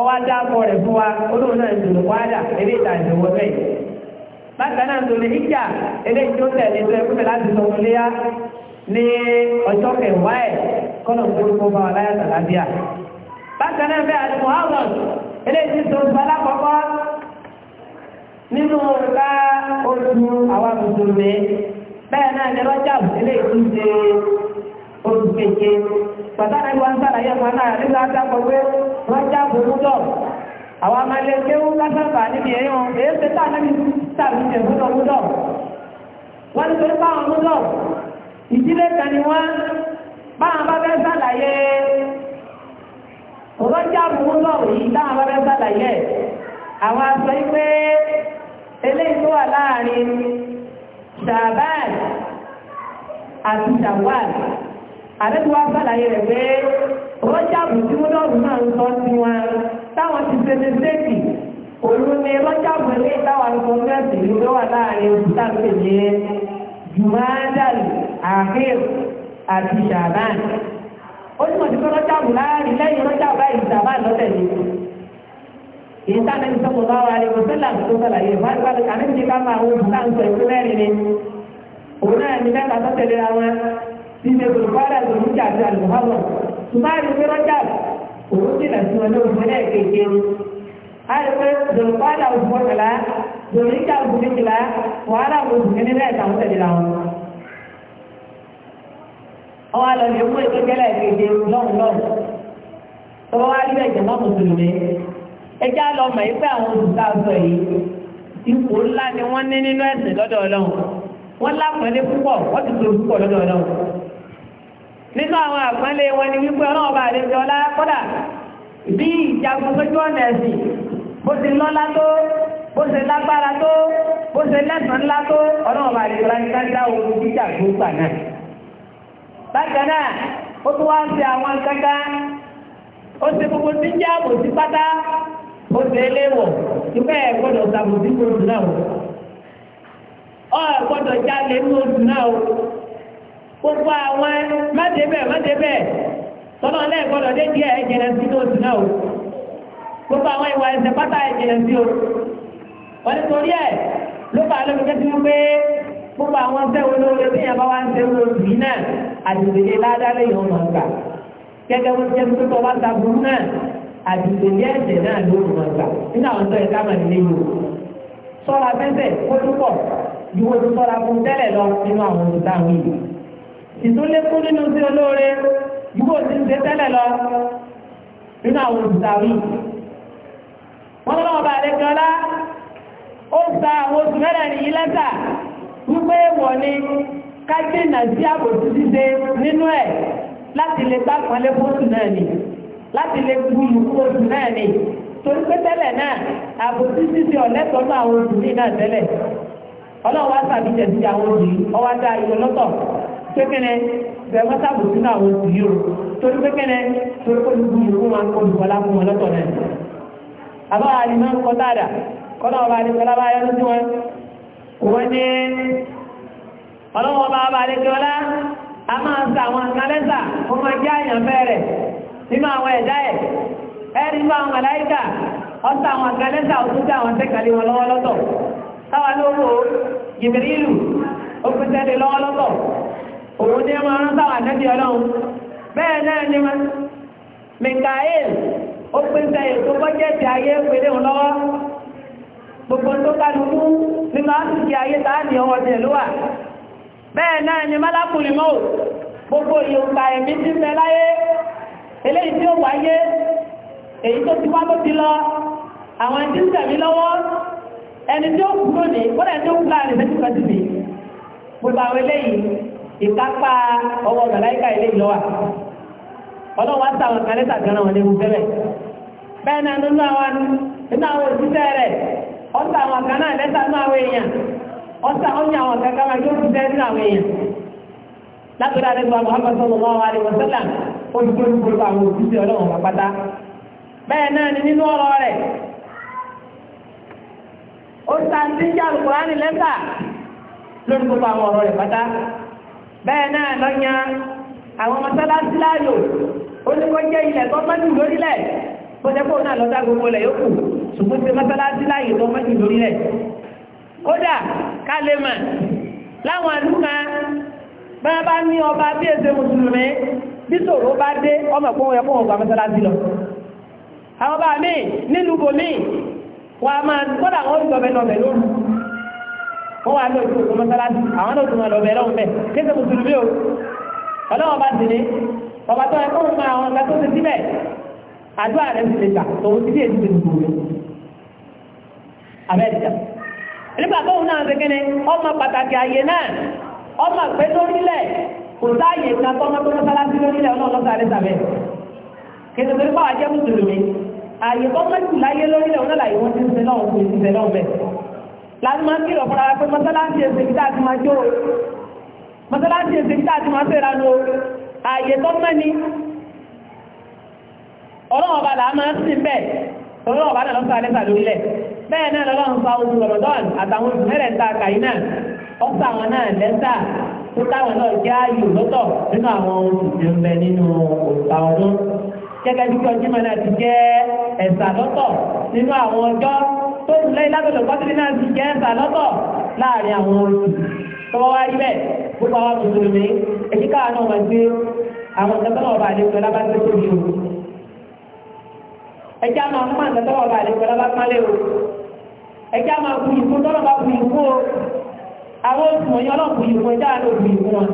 ọwọ́ adá akọ rẹ̀ fún wa olóhùn náà ìdùnnú wáádà eré ìta ìdòwò bẹ́ẹ̀. bákan náà tó lè níjà eré ìjó tẹ̀lé tó ẹkú láti sọ fún léyà ní ọjọ́ kẹwàá ẹ̀ kọ́nà gbórúkọ bá wa láyà tàlàbíà. bákan náà bẹ́ẹ̀ àti muhammed eré ìjó tó ń balá kọ́kọ́ nínú ọ̀gá oṣù àwa mùsùlùmí bẹ́ẹ̀ náà ní rọ́jà eré ìjó ṣe oṣù kéje pàtàkì ẹgbẹ́ wọn sàlàyé ẹ̀fọn náà nígbà àtàkọ̀ pé wọ́n já burú lọ àwọn amalẹ̀ kéwú lásàbà níbi ẹ̀yìn wọn èyí ṣe tá níbi tàbí ẹ̀fọn náà mú lọ wọ́n ni wọ́n báwọn bá fẹ́ sàlàyé wọ́n já burú lọ yìí táwọn bá fẹ́ aṣọ yìí pé tó wà láàrin ṣàbáàlì àti ṣàwáàlì àlejò wa sàlàyé rẹ̀ pé rọ́jàbù tí wọ́n lọ́rù náà ń sọ sí wọn táwọn ti ṣe mistake òun ni rọ́jàbù ilé táwọn gọ́ọ̀mẹ́ntì ló wà láàrin oṣù táǹpẹ̀ ní jùmọ́dàlù àhír àti ṣàbán ó ní wọ́n ti fẹ́ rọ́jàbù láàrin lẹ́yìn rọ́jàbù báyìí ṣàbán lọ́tẹ̀ ní ìta ní sọ́kùn bá wà lẹ́wọ̀n sọ́là tó sàlàyé wájú wájú kàmí níbi ìgbòlùbára ìgbòlùjà àti àlùmọ́bọ̀ ṣùgbọ́n àdúgbò rọ́jà òun ti nà sí wọn lórí ìfọ́lẹ́ kéèké àdúgbò ìgbòlùbára òfurufúlá ìgbòlùjà òfurufúlá wàhálà òfurufú nílẹ̀ ìtàwọn tẹ̀lé làwọn. ọwọ́ àlọ́ ni owó ìtọ́jẹ́lẹ̀ kéèké lọ́hùn lọ́hùn tọ́wọ́ wá rí ẹ̀jẹ̀ mọ́ mùsùlùmí ẹjẹ́ àlọ́ mọ̀ yí pé àwọn olùdáàbọ̀ yìí ipò ńlá ni wọ́n ní nínú ẹ̀sìn lọ́dọ̀ ọlọ́run wọ́n lápẹ̀lẹ́ nínú àwọn àpọ́nlé wọn ni wípé ọlá kọ́dà bí ìjagun ọ̀nà ẹ̀sìn bó ṣe lọ́lá tó bó ṣe lágbára tó bó ṣe lẹ́sàn ńlá tó ọlọ́ọ̀bà àlejò ọlá ní dáadáa jíjà tó gbà náà bákan náà ó tún wá ń àwọn kankan ó gbogbo tí ń jẹ́ àbòsí pátá ó gbọ́dọ̀ náà gbogbo àwọn mẹ́tẹ̀ẹ́bẹ̀ mẹ́tẹ̀ẹ́bẹ̀ tọ́lọ́ lẹ́ẹ̀kọ́lọ́ dé díẹ̀ ẹ̀jẹ̀nà sí ní oṣù náà o gbogbo àwọn ìwà ẹ̀sẹ̀ pátá ẹ̀jẹ̀nà sí o wọ́n ti torí ẹ̀ ló bá lóbi kẹ́sí wípé gbogbo àwọn ṣẹ́ wo lóore tí yàrá wa ń ṣe wo lù yín náà àdìgbèlè ládàlẹ́ yìí wọ́n gbà gẹ́gẹ́ bó ṣe tó tọ́ bá ta burú náà àdìgbèlè ẹ̀jẹ̀ náà ló wọ́n gbà nínú àwọn tó yẹ ká mà nílé yìí sọ́ra fẹ́fẹ́ kó túbọ̀ ju wo ti sọ́ra fún tẹ́lẹ̀ lọ nínú àwọn olùdáhùn yìí fún nínú sí olóore yíwò tí ń tẹ́lẹ̀ lọ nínú àwọn òṣìṣàwí wọ́n lọ́wọ́ bá lè ó sa àwọn oṣù mẹ́rẹ̀ nìyí lẹ́sà wípé wọ̀ sí àbòsí nínú ẹ̀ láti lè bá pọ́nlé fóṣù náà láti lè gbúlù náà torí pé tẹ́lẹ̀ náà àbòsí ọ̀lẹ́tọ̀ọ́nù àwọn oṣù náà tẹ́lẹ̀ ọlọ́wọ́ àwọn oṣù ọwọ́ dá pékẹ́nẹ́ bẹ̀rẹ̀ wọ́n sábò sínú àwọn òsì yìí o torí pékẹ́nẹ́ torí pé gbogbo yòókù máa ń kó olùkọ́lá fún wọn lọ́tọ̀ náà àbá àlìmọ́ ń kọ́ tààdà kọ́nà ọba àlìkọ́lá bá yọ́nú sí wọn wọ́n ní ọlọ́wọ́ ọba ọba àlìkọ́lá a máa sa àwọn àkálẹ́sà ó máa jẹ́ àyànfẹ́ rẹ̀ nínú àwọn ẹ̀dá ẹ̀ ẹ̀rí bá àwọn àláìkà ọ̀sà àwọn àkálẹ́sà òtútù àwọn tẹ́kàlẹ́ wọn lọ́wọ́ lọ́tọ̀ táwa ló ó fi tẹ́lẹ̀ lọ́wọ́ máa ń sáwà nẹ́bí ọlọ́run bẹ́ẹ̀ náà ni ma Mikael ó pín sẹ́yìn tó bọ́jẹ́ ti ayé pèlè òun lọ́wọ́ gbogbo tó kálukú ní máa ń fi ayé táàmì ọwọ́ tẹ̀ ló wà bẹ́ẹ̀ náà ni málákùnrin mọ́ gbogbo ìyókà ẹ̀mí ti fẹ́ láyé eléyìí tí ó wáyé èyí tó ti wá tó ti lọ àwọn ẹni tí ń tẹ̀mí lọ́wọ́ ẹni tí ó kúrò ní kó ìkápá ọwọ́ mẹ̀láíkà ilé ìlọ́wà ọlọ́wọ́ àtàwọn kan lẹ́tà gan wọn léwu bẹ́ẹ̀ bẹ́ẹ̀ náà nínú àwọn nínú àwọn òṣìṣẹ́ rẹ̀ ọ̀tà àwọn kan náà lẹ́tà nínú àwọn èèyàn ọ̀tà ọ̀nyà àwọn kan kan máa yóò ṣiṣẹ́ nínú àwọn èèyàn látọ̀dá àdéhùn àwọn akọ̀sọ̀rọ̀ wọn wà ní wọ́sálà ó ti gbóyún gbogbo àwọn ọ̀rọ̀ rẹ̀ bẹ́ẹ̀ náà lọ́yà àwọn mọ́sálásí láàyò ó ní kó jẹ́ ilẹ̀ tó mọ́jú lórílẹ̀ kó jẹ́ kó náà lọ́dá gbogbo ilẹ̀ yókù ṣùgbọ́n ti mọ́sálásí láàyò tó mọ́jú lórílẹ̀ kódà ká lè mọ̀ láwọn àdúgbà bá bá ní ọba bí èsè mùsùlùmí bí sòrò bá dé ọmọ ìpọ́n ẹ̀kọ́ ọgbà mọ́sálásí lọ àwọn bá mi nílùú bòmí wọn a máa kódà wọn ń sọ wọ́n wà lóòjú òkú mọ́sálásí àwọn náà tún máa lọ bẹ̀rẹ̀ lọ́wọ́ bẹ̀ kéde mùsùlùmí o ọlọ́wọ́ bá ti ní ọba tó ẹ̀kọ́ mọ́ àwọn ọ̀gá tó ti síbẹ̀ àdúrà rẹ̀ ti lè gbà tòun ti dé èdè gbogbo abẹ́ẹ̀dìjà nígbà tóun náà ṣe kéde ọmọ pàtàkì àyè náà ọmọ pẹ́ lórílẹ̀ kò sáàyè kan tó ọmọ tó mọ́sálásí lórílẹ̀ ọlọ́ọ̀lọ́sà rẹ̀ sàbẹ̀ kéde torí báwa jẹ́ mùsùlùmí àyè tó mẹ́tù láyé lórílẹ̀ ọlọ́lá yìí wọ́n ti ń ṣe náà ń ṣe náà bẹ́ẹ̀ láti máa ń kìlọ̀ fúnra pé mọ́sálásí ẹsẹ̀ bí táàtì máa jó mọ́sálásí ẹsẹ̀ bí táàtì máa fẹ́ra lọ ààyè tó mẹ́ni ọlọ́wọ̀n bá làá máa ń sìn bẹ́ẹ̀ ọlọ́wọ̀n bá lọ́sọ alẹ́sà lórílẹ̀ bẹ́ẹ̀ náà lọ́lọ́run fa oṣù rọ̀mọ̀dọ́n àtàwọn oṣù mẹ́rẹ̀ ta kàyí náà ọ̀sà àwọn náà lẹ́sà tó táwọn náà jẹ́ ààyò lọ́tọ̀ nínú àwọn oṣù tí ó ń tó ń lẹ́yìn lábẹ́lẹ̀ bọ́tìrì náà ti jẹ́ ẹ̀sà lọ́tọ̀ láàrin àwọn oṣù tọ́wọ́ wá rí bẹ́ẹ̀ gbogbo àwọn mi èyí náà wọ́n gbé àwọn ìtẹ́tọ́nà ọba àlejò tó ẹjá máa lé o ẹjá máa bu ìfún tọ́nà bá bu ìfún o àwọn oṣù bu ìfún ẹjá bu ìfún wọn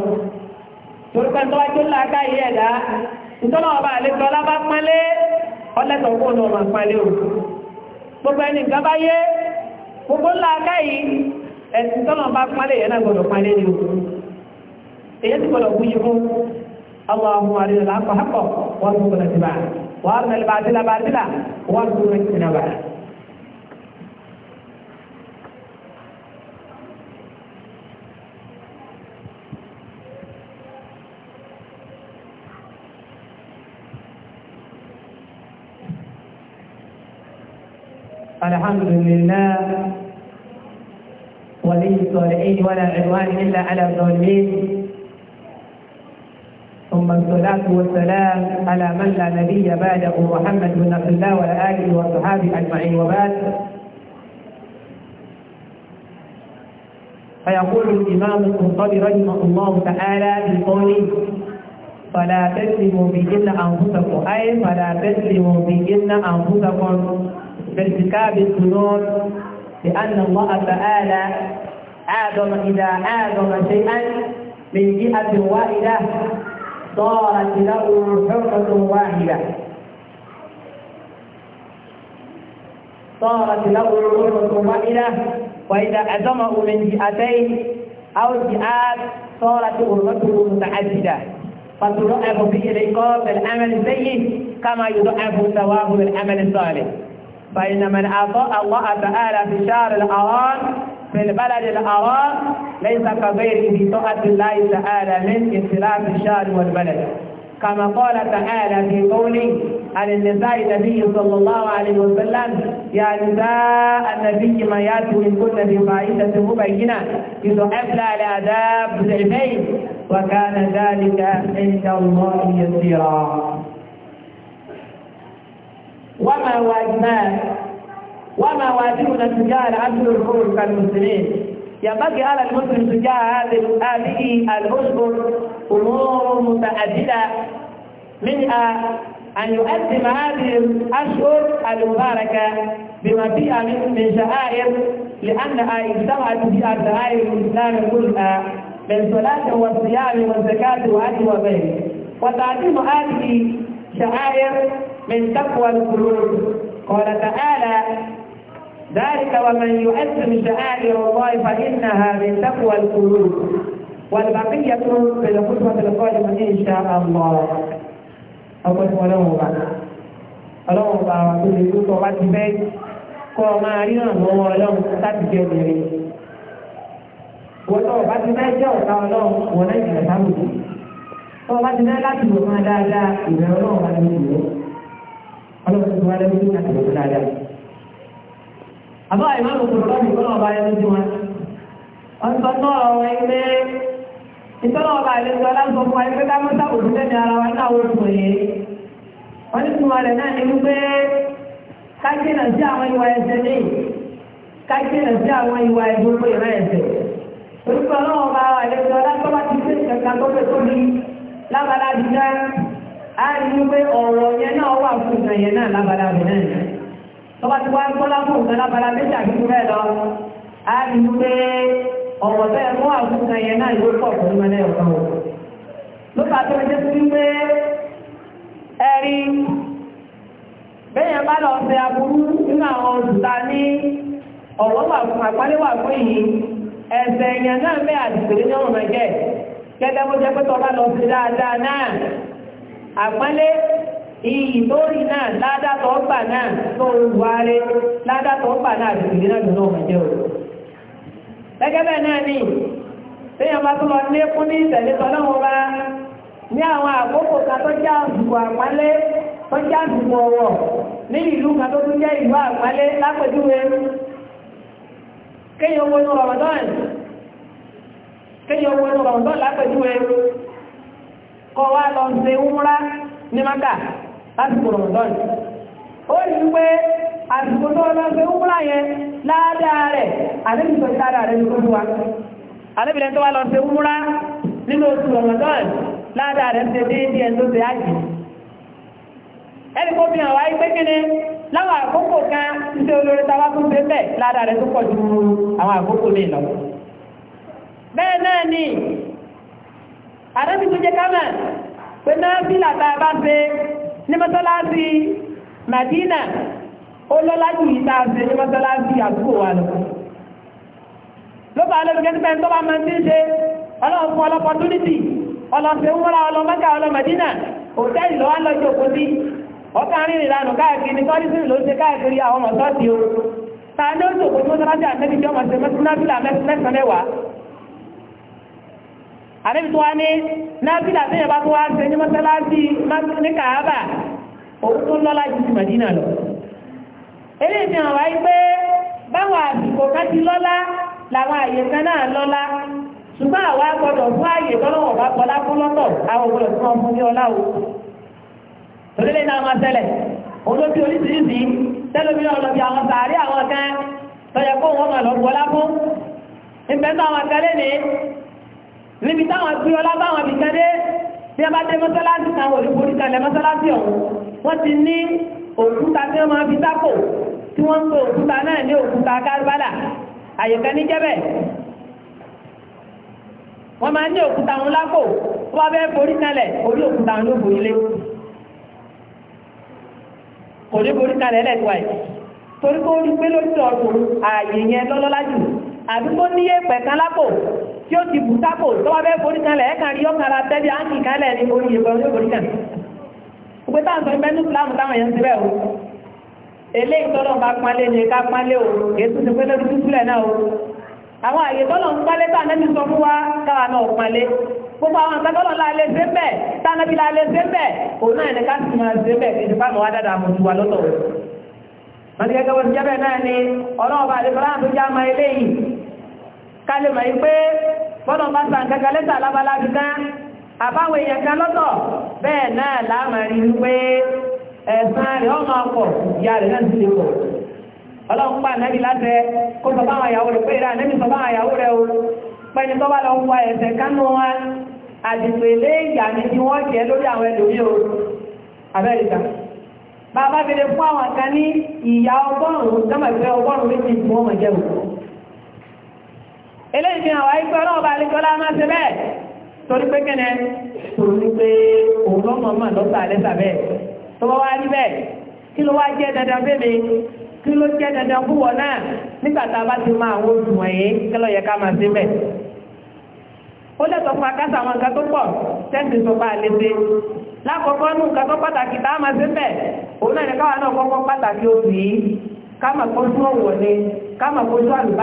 torí tọ́wọ́ tó ìtọ́nà lé ọlẹ́tọ̀ọ́ gbogbo ẹni nǹkan bá yé gbogbo ńlá akáyì ẹ̀sìn tọ́lọ̀ bá pálẹ̀ yẹn náà gbọdọ̀ pálẹ̀ ní òkú èyí ti gbọdọ̀ búyí fún ọmọ ọmọ àríwá lápapọ̀ wọ́n gbogbo nàìjíríà wọ́n mẹ́lẹ̀ bá الحمد لله ولي الصالحين ولا عدوان إلا على الظالمين ثم الصلاة والسلام على من لا نبي بعده محمد بن عبد الله وعلى آله وصحابه أجمعين وبعد فيقول الإمام القرطبي رحمه الله تعالى في قوله فلا تسلموا بهن أنفسكم أي فلا تسلموا بهن أنفسكم بارتكاب الذنوب لأن الله تعالى آدم إذا آدم شيئا من جهة واحدة صارت له حرمة واحدة صارت له حرمة واحدة وإذا أدمه من جهتين أو جهات صارت حرمته متعددة فتضعف به العقاب بالعمل السيء كما يضعف ثواب بالعمل الصالح فإن من أطاع الله تعالى في شهر الحرام في البلد الحرام ليس كغيره في طاعة الله تعالى من اختلاف الشهر والبلد كما قال تعالى في قوله عن النساء النبي صلى الله عليه وسلم يا نساء النبي ما ياتي من كل فائدة مبينة يضعف لها العذاب ضعفين وكان ذلك عند الله يسيرا وما واجبان وما واجبنا تجاه العبد الحر كالمسلمين ينبغي على المسلم تجاه هذه الأشهر أمور متعددة منها أن يؤدم هذه الأشهر المباركة بما فيها من شعائر لأنها اجتمعت فيها شعائر الإسلام كلها من صلاة وصيام وزكاة وأجر وغيره وتعظيم هذه شعائر من تقوى القلوب قال تعالى ذلك ومن يؤثم شعائر الله فإنها من تقوى القلوب والبقية في الخطوة القادمة إن شاء الله أقول ولو بعد ọlọ́run bá wa tó lè tó tọ́ bá ti fẹ́ kọ́ ọ máa ríran lọ́wọ́ ọlọ́run láti jẹ́ obìnrin. wọ́n tọ́ bá ti fẹ́ jẹ́ ọ̀tá ọlọ́run wọ́n náà jẹ́ ọ̀tá òkú. tọ́ bá ti fẹ́ láti wọ̀ máa dáadáa ìbẹ̀rù ọlọ́run bá ti wọ̀ ọlọ́run ti wá lẹ́nu tó kàtàkì tó dáadáa. àbá ìmáàmù kòròkọ́ mi kọ́nà ọba ẹni tí wọn. wọ́n sọ náà ọ̀rọ̀ ẹgbẹ́ ìtọ́nà ọba àlejò aláǹsọ fún wa ẹgbẹ́ ká mọ́ sábòdì lẹ́nu ara wa náà wọ́n fún yìí. wọ́n ní fún wa rẹ̀ náà nínú pé kájínà sí a rí i pé ọ̀rọ̀ yẹn náà wà fún ìtàn yẹn náà lábala rẹ̀ náà ti wá gbọ́lá fún ìtàn lábala méjì àdúgbò rẹ̀ lọ a ọ̀rọ̀ bẹ́ẹ̀ mú yẹn náà pọ̀ fún ló bá tó lọ ṣe aburú nínú àwọn ní ọ̀rọ̀ wà fún àpọ́nlé iyì tó rí náà ládàtọ̀ ọgbà náà tó wáre ládàtọ̀ ọgbà náà ti náà dùn náà jẹ́ o gẹ́gẹ́ náà ni téèyàn bá tó lọ ní kún ní ìtẹ̀lé tọ́lọ́wọ́ bá ní àwọn àkókò kan tó jẹ́ àsìkò tó ní ìlú tó tún kọ́ wá lọ ṣe umra ní maka lásìkò rọ̀mọ̀dọ́n ó rí wípé àsìkò tó lọ ṣe umra yẹn ládàá rẹ̀ àdébìsọ̀ ládàá rẹ̀ ló tó wá àdébìsọ̀ tó wá lọ ṣe umra nínú oṣù rọ̀mọ̀dọ́n ládàá rẹ̀ ṣe déédéé ẹni tó ṣe ájì ẹni kó fi hàn wáyé pé kíni láwọn àkókò kan ṣe olórí tàwa tó ṣe bẹ́ẹ̀ ládàá rẹ̀ tó pọ̀ ju àwọn àkókò mi lọ bẹ́ẹ̀ náà ni àrẹ́bí tó jẹ́ kámẹ̀ pé náà bí làtà bá ṣe ní mọ́sálásí Madina ó lọ́lá jù yìí tàà ṣe ní mọ́sálásí àdúgbò wa lọ ló bá lọ́lọ́ gẹ́gẹ́ pẹ́ tó bá máa ti ṣe ọlọ́run fún ọlọ́pọ̀túnítì ọlọ́sẹ̀ ń wọ́ra ọlọ́mọ́gà ọlọ́mọdínà òtẹ́ẹ̀lì lọ́wọ́ lọ́jọ́ kò sí ọkà rìnrìn lánà káàkiri ní kọ́lísìn ló ṣe káàkiri àwọn ọmọ sọ́ọ̀tì o tàà ní ó ṣòkò tí mọ́sálásí àdébí tó wá ní nábìlà tí yẹn bá tó wá ṣe ní mọ́sálásí ní kàábà òun tó lọ́lá ju ti màdínà lọ eléyìí fi hàn wáyé pé báwọn àsìkò ká ti lọ́lá làwọn àyè kan náà lọ́lá ṣùgbọ́n àwa gbọ́dọ̀ fún àyè tọ́lọ́wọ̀ bá kọlá fún lọ́tọ̀ àwọn gbọ́dọ̀ fún ọmọ ní ọlá o torílẹ̀ náà máa tẹ́lẹ̀ olóbi oríṣiríṣi tẹ́lómi náà àwọn sàárì àwọn kan tọ́jà kó wọn máa lọ fún ìgbẹ́ náà wọn tẹ́lẹ̀ ní níbi táwọn gbé ọlá báwọn bí a bá dé mọ́sálásí táwọn òdìbò oríkàlẹ̀ mọ́sálásí ọ̀hún wọ́n ti ní òkúta tí wọ́n máa fi sápò tí wọ́n ń pe òkúta náà ní òkúta kárúbálà àyèká ní jẹ́bẹ̀ wọ́n máa ní òkúta wọn lápò wọ́n bá bẹ́ẹ̀ borí kalẹ̀ orí òkúta wọn ló borí lé kò ní borí kalẹ̀ lẹ́tọ́ ẹ̀ torí kó rí pé lójú ọ̀tún ààyè yẹn lọ́lọ́lá jù àbí kó níyé pẹ̀kan lápò tí ó ti bùtákò tọ́wọ́ bẹ́ẹ̀ forí kanlẹ̀ ẹ̀kan rí ọkàrà tẹ́bí áńkì kanlẹ̀ ní orí ìyẹ̀bọ̀ ní forí kanlẹ̀ òpé táwọn sọ ìbẹ́nu fúlàmù táwọn èèyàn ti bẹ́ẹ̀ o èlé ìtọ́lọ̀ bá pánlé ní ká o ètò ti pé lórí tútúlẹ̀ náà o àwọn àyè tọ́lọ̀ ń pálé tá ànábì sọ fún wa káwa náà pánlé gbogbo àwọn nǹkan tọ́lọ̀ la lè ṣe bẹ́ẹ̀ tá ànábì la lè ṣe bẹ́ẹ̀ òun náà ní ká sì máa ṣe bẹ́ẹ̀ èdè bá lọ wá dáadáa mo ti lọ́tọ̀ o. màtí gẹ́gẹ́ bó ti jẹ́ bẹ́ẹ̀ náà ni ọlọ́ọ̀bà àdébọ́lá kálẹ̀ mọ̀ yìí pé bọ́lọ̀ bá sàn kankan lẹ́sà alábala bí kan àbáwọ̀ èèyàn kan lọ́tọ̀ bẹ́ẹ̀ náà láàmà rí i pé ẹ̀sán rẹ̀ ọmọ ọkọ̀ ìyá rẹ̀ náà ti lè pọ̀ ọlọ́run pa ànábì láti kó sọ báwọn ìyàwó rẹ̀ pé ìrà ànábì sọ báwọn ìyàwó rẹ̀ o pẹ́ni tó bá lọ ń wa ẹ̀sẹ̀ kánú wa àdìsò ilé ìyà ni tí wọ́n jẹ́ lórí àwọn ẹlòmí o Amẹ́ríkà bàbá fi lè fún àwọn kan ní ìyà ọgọ́rùn-ún tọ́mọ̀ ìfẹ́ ọgọ́rùn-ún méjì tí wọ́n mọ̀ jẹ́ òkú eléyìí fi hàn wáyé pé ọlọ́run máa ṣe bẹ́ẹ̀ torí pé kẹ́nẹ́ torí pé òun lọ́mọ mọ̀ lọ́sà lẹ́sà bẹ́ẹ̀ tó wá rí bẹ́ẹ̀ kí ló wá jẹ́ dandan bébè kí ló jẹ́ dandan náà bá ti máa àwọn oṣù wọ̀nyí kí ló ká máa ṣe bẹ́ẹ̀ ó lẹ́tọ̀ fún akásà àwọn nǹkan tó pọ̀ tẹ́sí sọ bá lè ṣe lákọ̀ọ́kọ́ nù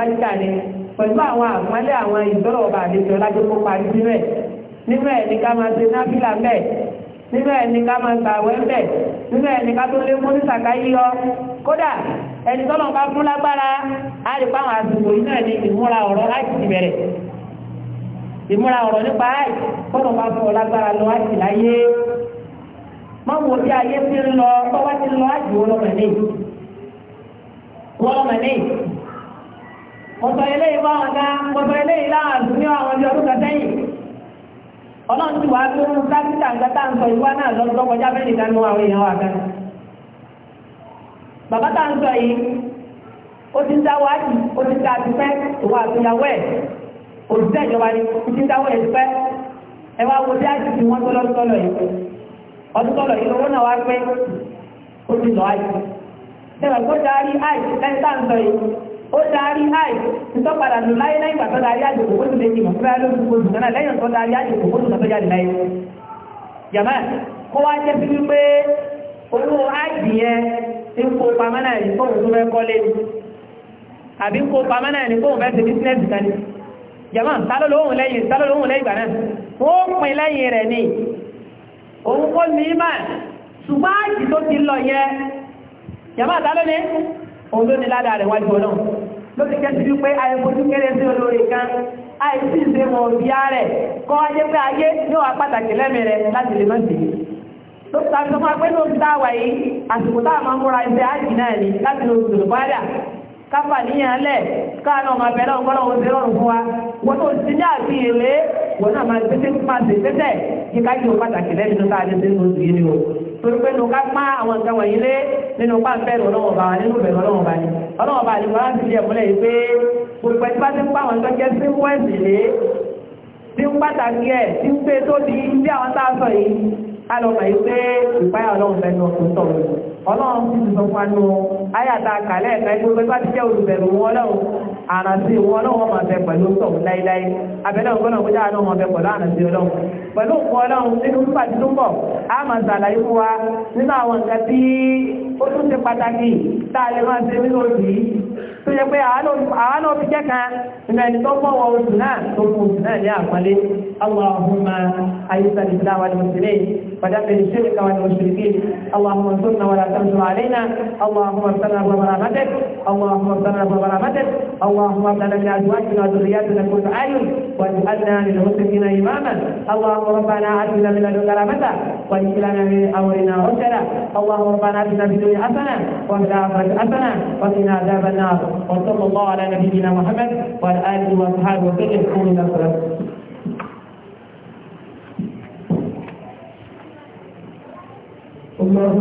nǹkan pẹ̀lú àwọn àpọ́nlé àwọn ìtọ́rọ̀ ọba àdéjọ lájọ kó parí sínú ẹ̀ nínú ẹ̀ ní ká máa ṣe náfìlà mẹ́ẹ̀ nínú ẹ̀ ní ká máa gbàwẹ́ mẹ́ẹ̀ nínú ẹ̀ ní ká tó lé fún ìsàkà yíyọ kódà ẹni tọ́lọ̀ bá fún lágbára á lè pa àwọn àsìkò yìí náà ní ìmúra ọ̀rọ̀ láti ti bẹ̀rẹ̀ ìmúra ọ̀rọ̀ nípa áì tọ́lọ̀ bá fún lágbára lọ láti láyé mọ́ wo bí mọ̀tọ̀ ilé ìbá ọ̀gá mọ̀tọ̀ ilé ìlànà ní àwọn ọjọ́ orúkọ ọrụ ọlọ́run ti wá pé ó ń kápítà ń gbátá ń sọ náà kọjá mẹ́rin ìdánú àwọn èèyàn wà bàbá tá ń sọ yìí ó ti ń dáwọ́ àti ó ti ń pẹ́ àtúnyàwó ẹ̀ òṣìṣẹ́ ìjọba ni ó ti ń dáwọ́ ẹ wá wo bí àti ti wọ́n tó lọ́dún tọ́lọ̀ yìí ọdún tọ́lọ̀ ó darí àì tó padà lò láyé lẹ́yìn ìgbà tó darí àjòkò ó tún lè yìnbọn fúnra ló tún gbóòdù náà lẹ́yìn tó darí àjòkò ó tún lọ sọ́jà láyé yàmá kó wá jẹ́ sí wípé owó àjì yẹn ti kó pamọ́ náà ní fóun tó fẹ́ kọ́lé ni àbí kó pamọ́ náà ní ni yàmá ni òun kó ní mà ṣùgbọ́n àjì tó ti lọ yẹ yàmá sálọ́ ni òun ló ní ládàá rẹ̀ wájú ọlọ́run ló ti kẹ́sí wípé àìfojú kéré sí olóore kan àìsí ìsèmọ̀ òbí rẹ̀ kọ́ ayé pé ayé ní wà pàtàkì lẹ́mí rẹ̀ láti lè mọ́sí tó tàbí ọmọ pé ló ń dáwà yìí àsìkò táà máa ń múra ẹgbẹ́ ájì náà ni láti lè òṣèlú padà káfà níyàn lẹ̀ káàánú ọmọ abẹ náà kọ́nà òun ti rọrùn fún wa wọ́n tó ti ní àti ìrèlé wọ́n náà máa tètè máa tètè kíkájú pàtàkì lẹ́mí tó táà torí pé nù ká pá àwọn nǹkan wọ̀nyí lé nínú pàǹpẹ́rù ọlọ́wọ̀n bá nínú bẹ̀rù ọlọ́wọ̀n bá ní ọlọ́wọ̀n bá ní wọ́n á ti lé ẹ̀múlẹ̀ yìí pé gbogbo ẹtí bá ti ń pa àwọn nǹkan jẹ́ sí wẹ́ẹ̀sì lé tí ń pàtàkì ẹ̀ tí ń pé tó di bí àwọn tá a sọ yìí ká lọ mọ̀ yìí pé ìpáyà ọlọ́run bẹ̀rù ọ̀tún tọ̀ ọlọ́run ti ti sọ fún anú ayàtà kàlẹ́ ẹ̀ka ẹgbẹ́ pé bá ti jẹ́ olùbẹ̀rù wọn ọlọ́run àràǹsí wọn ọlọ́run ọmọ ọ̀bẹ pẹ̀lú tọ̀hún láíláí abẹ́lẹ́ ọgbọ́n náà kó jáde ọmọ ọ̀bẹ pẹ̀lú àràǹsí ọlọ́run pẹ̀lú òkú ọlọ́run nínú pípàdé tó ń bọ̀ a máa ṣàlàyé fún wa nínú àwọn nǹkan tí ó tún ṣe pàtàkì tá a lè máa ṣe nínú òbí tó yẹ pé àánú fi jẹ́ kan nínú ẹni tó fọ́wọ́ oṣù náà tó fún oṣù náà ní àpọ́nlé اللهم أعز الإسلام والمسلمين ودفع الشرك والمشركين اللهم انصرنا ولا تنصر علينا اللهم ارسلنا ببرامتك اللهم ارسلنا ببرامتك اللهم ارسلنا من أزواجنا وذرياتنا قرة أعين واجعلنا للمسلمين إماما اللهم ربنا آتنا من لدنك رحمة واجعل لنا من أمرنا رشدا اللهم ربنا آتنا في الدنيا حسنة وفي الآخرة حسنة وقنا عذاب النار وصلى الله على نبينا محمد وعلى اله وصحبه وسلم قوموا الاخره الله